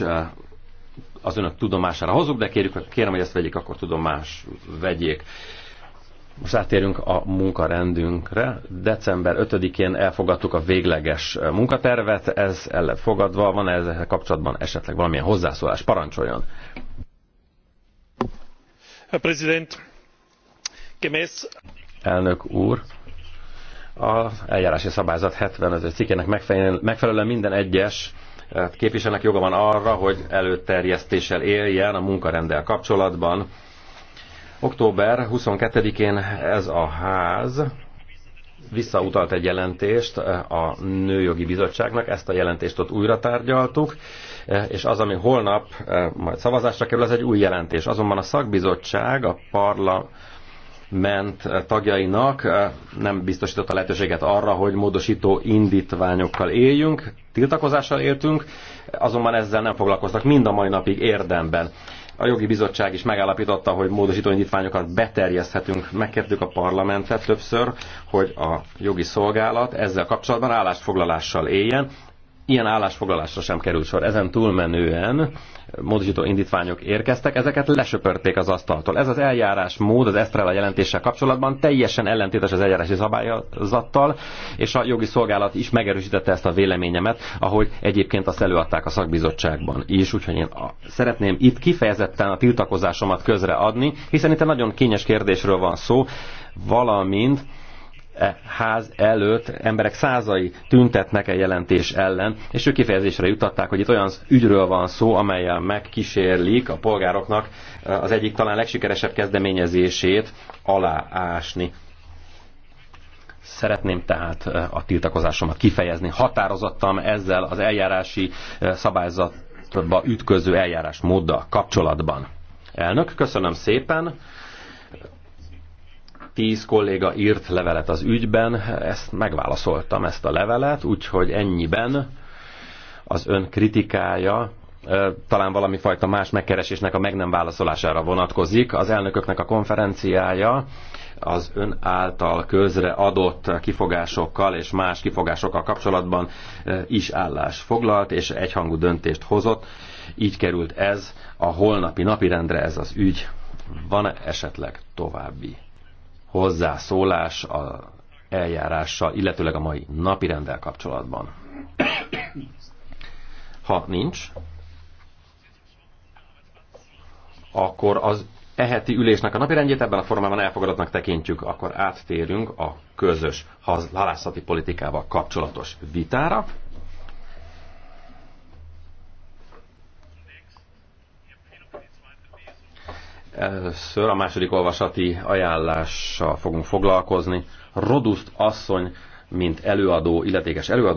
Eh, az önök tudomására hozzuk, de kérjük, kérem, hogy ezt vegyék, akkor tudomás vegyék. Most átérünk a munkarendünkre. December 5-én elfogadtuk a végleges eh, munkatervet, ez el fogadva, van -e ezzel kapcsolatban esetleg valamilyen hozzászólás? Parancsoljon! Herr Präsident, gemäß... Elnök úr, az eljárási szabályzat 75 cikkének megfelelően minden egyes Hát képviselnek joga van arra, hogy előterjesztéssel éljen a munkarendel kapcsolatban. Október 22-én ez a ház visszautalt egy jelentést eh, a Nőjogi Bizottságnak, ezt a jelentést ott újra tárgyaltuk, eh, és az, ami holnap eh, majd szavazásra kerül, az egy új jelentés. Azonban a szakbizottság a parlament ment tagjainak eh, nem biztosította lehetőséget arra, hogy módosító indítványokkal éljünk, tiltakozással értünk, azonban ezzel nem foglalkoztak mind a mai napig érdemben. A jogi bizottság is megállapította, hogy módosító indítványokat beterjeszthetünk. Megkértük a parlamentet többször, hogy a jogi szolgálat ezzel kapcsolatban állásfoglalással éljen ilyen állásfoglalásra sem került sor. Ezen túlmenően módosító indítványok érkeztek, ezeket lesöpörték az asztaltól. Ez az eljárás mód az Esztrella jelentéssel kapcsolatban teljesen ellentétes az eljárási szabályzattal, és a jogi szolgálat is megerősítette ezt a véleményemet, ahogy egyébként azt előadták a szakbizottságban is, úgyhogy én a, szeretném itt kifejezetten a tiltakozásomat közreadni, hiszen itt egy nagyon kényes kérdésről van szó, valamint ház előtt emberek százai tüntetnek egy jelentés ellen, és ők kifejezésre jutatták, hogy itt olyan ügyről van szó, amelyel megkísérlik a polgároknak az egyik talán legsikeresebb kezdeményezését aláásni. Szeretném tehát a tiltakozásomat kifejezni. Határozottam ezzel az eljárási szabályzatba ütköző eljárás móddal kapcsolatban. Elnök, köszönöm szépen tíz kolléga írt levelet az ügyben, ezt megválaszoltam ezt a levelet, úgyhogy ennyiben az ön kritikája talán valami fajta más megkeresésnek a meg nem válaszolására vonatkozik. Az elnököknek a konferenciája az ön által közre adott kifogásokkal és más kifogásokkal kapcsolatban is állás foglalt és egyhangú döntést hozott. Így került ez a holnapi napirendre ez az ügy. Van-e esetleg további hozzászólás a eljárással, illetőleg a mai napi rendel kapcsolatban. Ha nincs, akkor az eheti ülésnek a napirendjét ebben a formában elfogadatnak tekintjük, akkor áttérünk a közös halászati politikával kapcsolatos vitára. Először a második olvasati ajánlással fogunk foglalkozni. Roduszt asszony, mint előadó, illetékes előadó